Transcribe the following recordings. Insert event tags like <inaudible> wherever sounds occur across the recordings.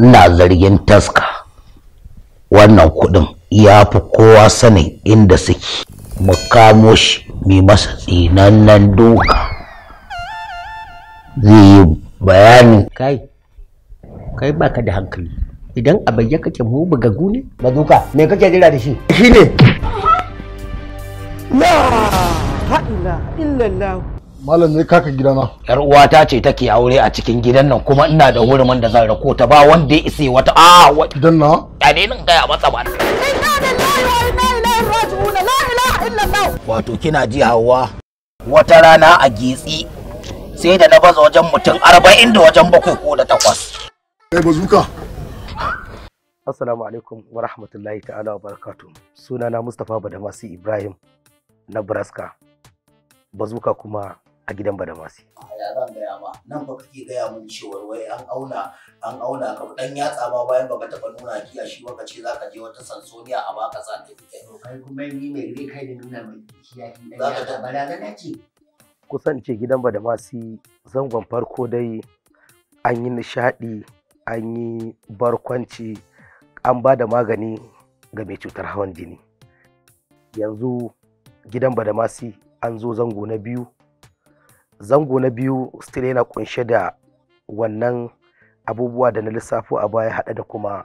ina zargin taska wannan kudin ya fi kowa sanin inda suke mu kamo shi mai masa tsinannen duka zai yi bayani kai kai baka da hankali idan a bayya kake mu gune ba duka, me kake jira da shi shine la ilaha illallah malam ne kaka gidana yar uwata ce take aure a cikin gidan nan kuma ina da hurumin da zan rako ta ba wanda ya isa wata ah, a gidan nan? ya ne nan gaya matsa ba wato kina ji hawa wata rana a getsi sai da na baza wajen mutum arba'in da wajen bakwai ko da takwas kai bazuka assalamu alaikum wa rahmatullahi ta'ala wa barakatuh sunana mustapha badamasi ibrahim na braska bazuka kuma a gidan Badamasi. Ya zan gaya ma nan fa kake gaya mun cewa wai an auna an auna ka dan yatsa ma bayan baka taba nuna a shi baka ce ka je wata sansoniya a baka sa ta kike. Kai kuma ni mai rai kai da nuna mai kiya ki dan yatsa barazana ce. Kusan ce gidan Badamasi zangon farko dai an yi nishaɗi an yi barkwanci an ba da magani ga mai cutar hawan jini. Yanzu gidan Badamasi an zo zango na biyu zango na biyu still yana kunshe da wannan abubuwa da na lissafo a baya haɗa da kuma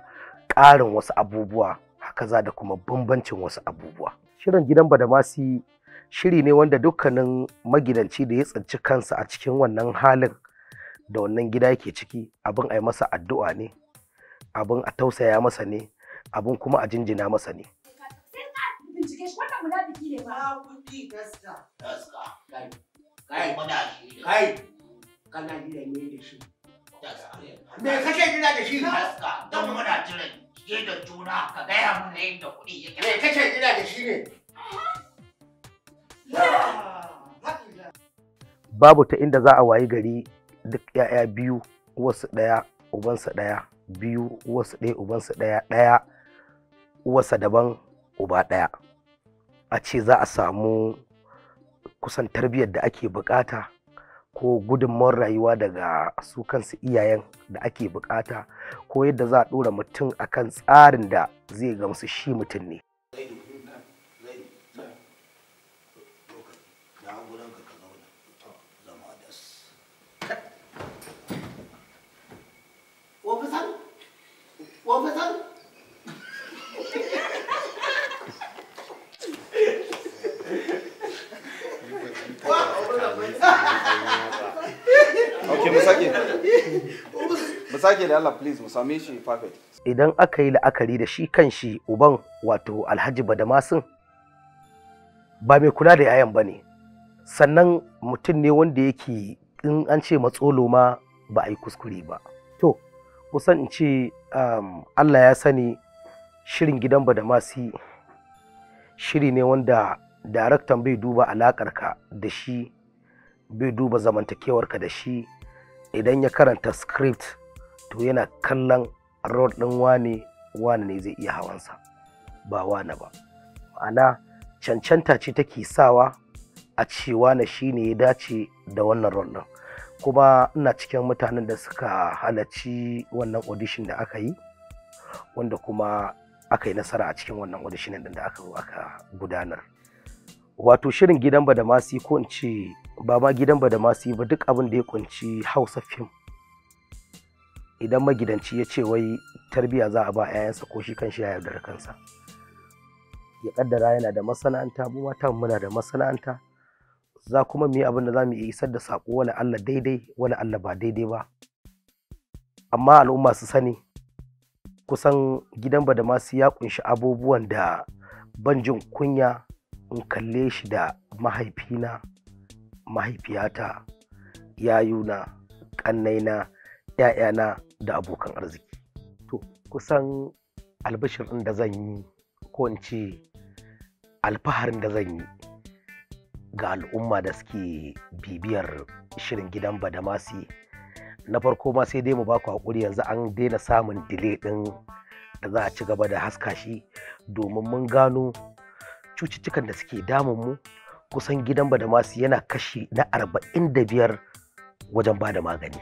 ƙarin wasu abubuwa haka za da kuma bambancin wasu abubuwa shirin gidan badamasi shiri ne wanda dukkanin magidanci da ya tsinci kansa a cikin wannan halin da wannan gida yake ciki abin a yi masa addu'a ne abin a tausaya masa ne abin kuma a jinjina masa ne kai kai kana kake gina da shi me kake gina da shi ne babu ta inda za a wayi gari duk 'ya'ya biyu wasu daya, ubansa daya, biyu wasu ɗaya ubansa daya, daya, wasa daban uba daya. a ce za a samu kusan tarbiyyar da ake bukata ko gudunmawar rayuwa daga su kansu iyayen da ake bukata ko yadda za a ɗora mutum akan tsarin da zai gamsu shi mutum ne sake da Allah please mu same shi perfect idan aka yi la'akari da shi kan shi uban wato Alhaji Badamasin ba mai kula da yayan bane sannan mutum ne wanda yake in an ce matsolo ma ba a yi kuskure ba to kusan in ce um, Allah ya sani shirin gidan Badamasi shiri ne wanda daraktan bai duba alakarka da shi bai duba zamantakewarka da shi idan ya karanta script to yana kallon road ɗin wane wane ne zai iya hawansa ba wane ba ma'ana cancanta ce take sawa a ce wane shi ne ya dace da wannan road ɗin kuma ina cikin mutanen da suka halarci wannan audition da aka yi wanda kuma aka yi nasara a cikin wannan audition ɗin da aka aka gudanar wato shirin gidan badamasi ko in ce ba ma gidan badamasi ba duk abin da ya kunci hausa fim idan magidanci ya ce wai tarbiya za a ba 'ya'yansa ko shi kan shi ya yaudara kansa ya kaddara yana da masana'anta mu mata muna da masana'anta za kuma mu yi abin da za mu isar da saƙo wani Allah daidai wani Allah ba daidai ba amma al'umma su sani kusan gidan ba da masu ya kunshi abubuwan da ban jin kunya in kalle shi da mahaifina mahaifiyata yayuna ƙannaina 'ya'yana da abokan arziki to kusan albishir ɗin da zan yi ko in ce alfaharin da zan yi ga al'umma da suke bibiyar shirin gidan badamasi na farko ma sai dai mu baku haƙuri yanzu an daina samun dile ɗin da za a ci gaba da haska shi domin mun gano cututtukan da suke damun mu kusan gidan badamasi yana kashi na arba'in da biyar wajen ba da magani.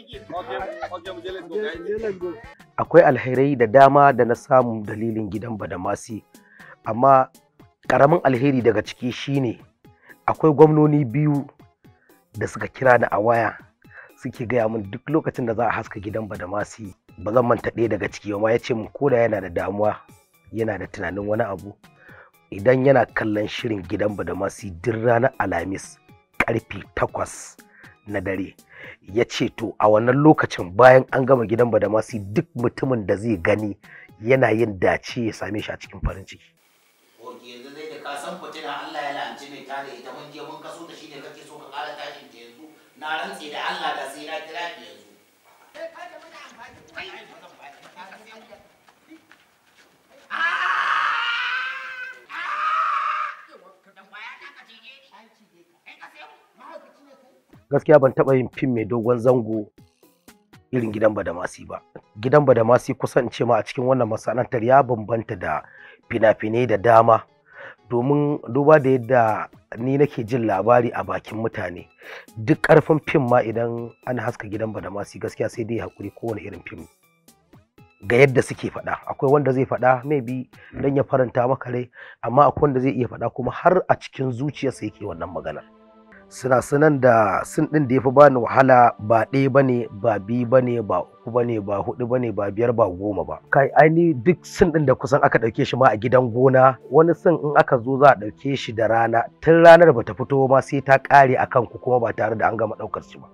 Akwai alherai da dama da na samu dalilin gidan Badamasi, amma ƙaramin alheri daga ciki shine akwai gwamnoni biyu da suka kira ni a waya suke gaya min duk lokacin da za a haska gidan Badamasi ba zan manta ɗaya daga ciki ma ya ce min da yana da damuwa yana da tunanin wani abu idan yana kallon shirin gidan Badamasi duk ranar Alhamis karfe takwas na dare. ya ce to a wannan lokacin bayan an gama gidan badamasi duk mutumin da zai gani yana yin dace ya same shi a cikin farin ciki yanzu zai da kasan san Allah ya la'anci mai da ita mun je mun kaso da shi da kake so ka kara tashin ta yanzu na rantse da Allah da sai na kira yanzu gaskiya ban taɓa yin fim mai dogon zango irin gidan badamasi ba gidan badamasi kusan ce ma a cikin wannan masana'antar ya bambanta da fina-finai da dama domin duba da yadda ni nake jin labari a bakin mutane duk ƙarfin fim ma idan an haska gidan badamasi gaskiya sai dai hakuri kowane irin fim ga yadda suke faɗa akwai wanda zai faɗa maybe dan ya faranta maka rai amma akwai wanda zai iya faɗa kuma har a cikin zuciyarsa yake wannan magana. sinasunan da sin ɗin da ya fi bani wahala ba ɗaya ba ne ba biyu ba ne ba uku ba ne ba hudu ba ne ba biyar ba goma ba kai aini duk sin ɗin da kusan aka ɗauke shi ma a gidan gona wani sin in aka zo za a ɗauke shi da rana tun ranar ba ta fito ma sai ta ƙare a kanku kuma ba tare da an gama ɗaukar shi ba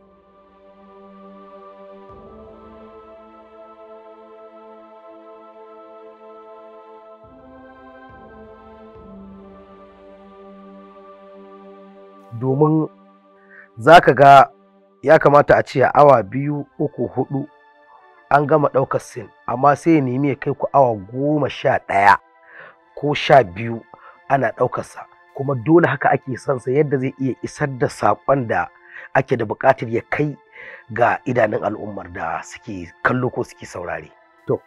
domin za ka ga ya kamata a ce awa biyu uku hudu an gama ɗaukar sin amma sai ya nemi ya kai ku awa goma sha ɗaya ko sha biyu ana ɗaukarsa kuma dole haka ake son sa yadda zai iya isar da saƙon da ake da buƙatar ya kai ga idanun al'ummar da suke kallo ko suke saurare to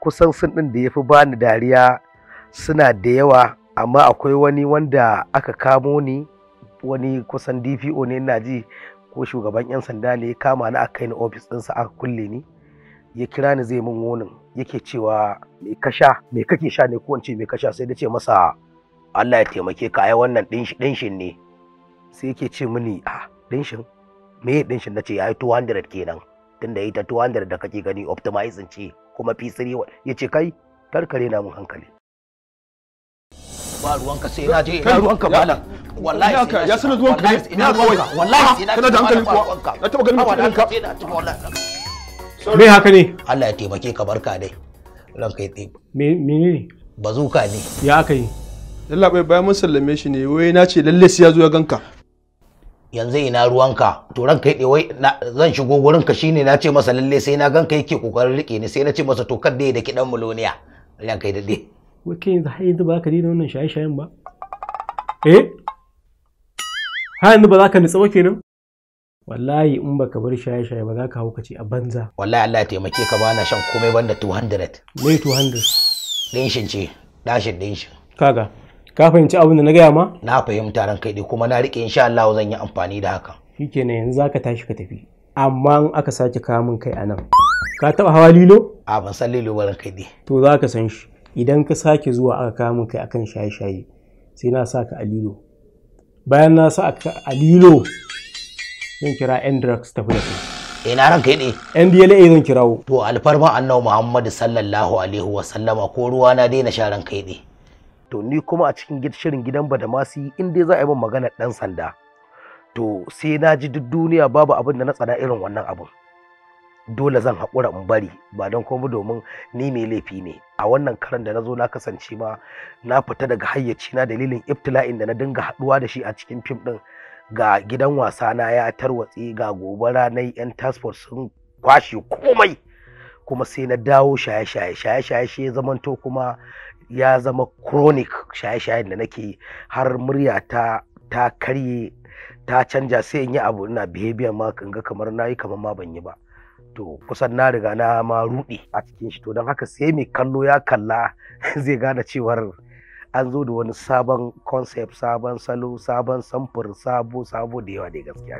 kusan sin ɗin da ya fi bani dariya suna da yawa amma akwai wani wanda aka kamo ni wani kusan dpo ne na ji ko shugaban 'yan sanda ne ya kama ni aka kai ni ofis ɗinsa aka kulle ni ya kira ni zai min wonin yake cewa me ka sha me kake sha ne ko wance me ka sha sai da ce masa Allah ya taimake ka ai wannan ɗinshin ne sai yake ce mini a ɗinshin me ya na nace ya yi 200 kenan tunda ta 200 da kake gani optimizing ce kuma P3 yace kai karkare na mun hankali ba ruwanka sai na je ina ruwanka malam wallahi haka ya sanar zuwan kare ina kawai wallahi kana ah, da hankali kuwa na taba ganin mutum ka me haka ne Allah ya taimake ka barka dai ran kai tsaye me menene bazuka ne ya aka yi Allah bai bayan mun sallame shi ne wai na ce lalle sai ya zo ya ganka yanzu ina ruwanka to ran kai wai zan shigo gurin ka shine na ce masa lalle sai na ganka yake kokarin rike ni sai na ce masa to kar dai da kidan muloniya ran kai dade wai kai yanzu har yanzu ba ka dina wannan shaye-shayen ba eh har yanzu ba za ka nutsa ba kenan wallahi in ba ka bar shaye shaye ba za ka hau kace a banza wallahi Allah ya taimake ka bana shan komai banda 200 me 200 dinshin ce dashin dinshin kaga ka fahimci abin da na gaya ma na fahimta ran kai kuma na rike insha Allah zan yi amfani da haka shikenan yanzu za ka tashi ka tafi amma in aka sake kawo min kai anan ka taba hawa lilo a ban san lilo ba ran kai dai to ka san shi idan ka sake zuwa aka kawo min kai akan shaye shaye sai na saka a lilo bayan na sa a lilo zan kira yan drugs tafi da kai ina ranka ne ndla zan kirawo to alfarma annabi muhammadu sallallahu alaihi wa sallama ko ruwa na daina sha ranka ne to ni kuma a cikin shirin gidan badamasi in dai za a yi min maganar dan sanda to sai na ji duk duniya babu abin da na tsada irin wannan abin dole zan haƙura in bari ba don komu domin ni mai laifi ne a wannan karan da na zo na kasance ma na fita daga hayyaci na dalilin iftila'in da na dinga haɗuwa da shi a cikin fim ɗin ga gidan wasa na ya tarwatse ga gobara na yan tasfot sun kwashe komai kuma sai na dawo shaye-shaye shaye-shaye shi ya zamanto kuma ya zama chronic shaye-shayen da nake har murya ta ta karye ta canja sai in yi abu ina behavior ma kanga ga kamar nayi kamar ma ban yi ba to kusan na riga na ma ruɗe a cikin shi to don haka sai mai kallo ya kalla <laughs> zai gane cewar an zo da wani sabon concept sabon salo sabon samfur sabo sabo da yawa dai gaskiya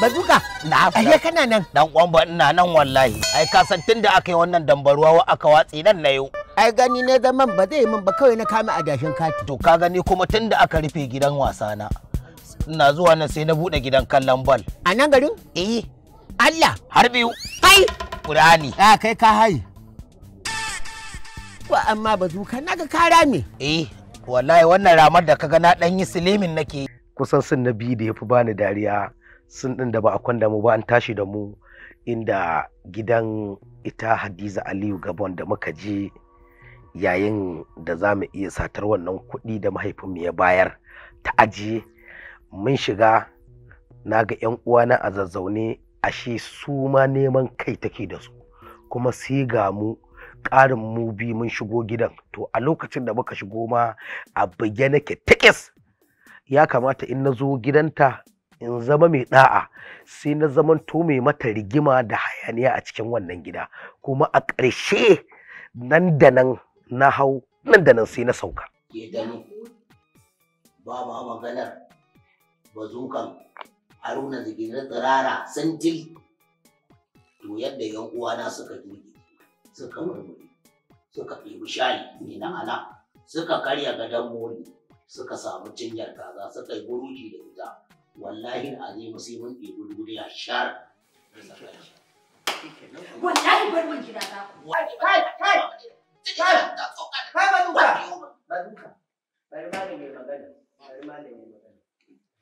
bazuka na ai kana nan dan kwambo ina nan wallahi ai ka san tunda aka yi wannan dambaruwa aka watsi nan na yau ai gani ne zaman ba zai min ba kawai na kame adashin kati to ka gani kuma tunda aka rufe gidan wasa na ina zuwa nan sai na bude gidan kallon bal a nan garin eh Allah har biyu hai Qur'ani a kai ka hai ba amma bazuka naga ka rame eh wallahi wannan ramar da kaga na dan yi silimin nake kusan sun na biyu da yafi bani dariya sun din da ba a kwanda mu ba an tashi da mu inda gidan ita Hadiza Aliyu Gabon da muka je yayin da za mu iya satar wannan kuɗi da mahaifinmu ya bayar ta ajiye mun shiga na ga 'yan uwana a zazzaune ashe su ma neman kai take da su kuma sai ga mu ƙarin mu bi mun shigo gidan to a lokacin da muka shigo ma a buge nake tikis ya kamata in na zo gidanta in zama mai da'a sai na zaman to mai mata rigima da hayaniya a cikin wannan gida kuma a ƙarshe nan da nan na hau nan da nan sai na sauka. ba maganar bazukan haruna da gina tsirara santil to yadda yan uwana suka tuge suka murmure suka ɗebi shayi ne na ana suka karya gadon moli suka samu cinyar kaza suka yi buruji da ita wallahi azimu sai mun ɗebi duniya shar wallahi bar mun gida ta ku kai kai kai kai bazuka bazuka bari ma da ne magana bari ma ne magana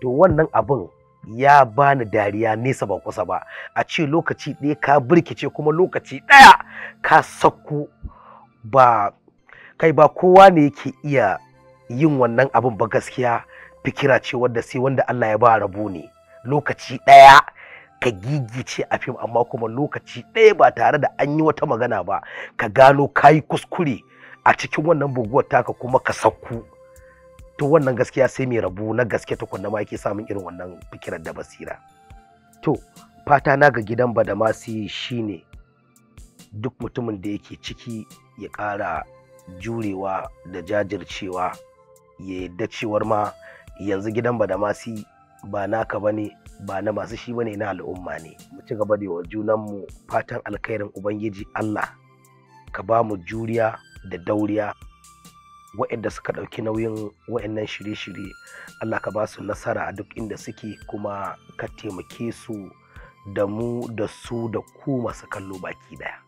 to wannan abin ya bani dariya nesa ba kusa ba a ce lokaci ɗaya ka birkice kuma lokaci ɗaya ka sakku ba kai ba kowa ne yake iya yin wannan abin ba gaskiya fikira ce wadda sai wanda Allah ya ba rabu ne lokaci ɗaya ka gigice a fim amma kuma lokaci ɗaya ba tare da an yi wata magana ba ka gano ka yi kuskure a cikin wannan buguwar taka kuma ka sakku to wannan gaskiya sai mai rabu na gaske tukunna ma yake samun irin wannan fikirar da basira to fata na ga gidan badamasi shine duk mutumin da yake ciki ya ƙara jurewa da jajircewa ya yadda cewar ma yanzu gidan badamasi ba naka ne ba na masu shi bane na al'umma ne mu ci gaba da wa junanmu fatan alkhairin ubangiji Allah ka ba mu juriya da dauriya waɗanda suka ɗauki nauyin waɗannan shirye-shirye Allah ka ba su nasara a duk inda suke kuma ka taimake su da mu da su da ku masu kallo baki ɗaya.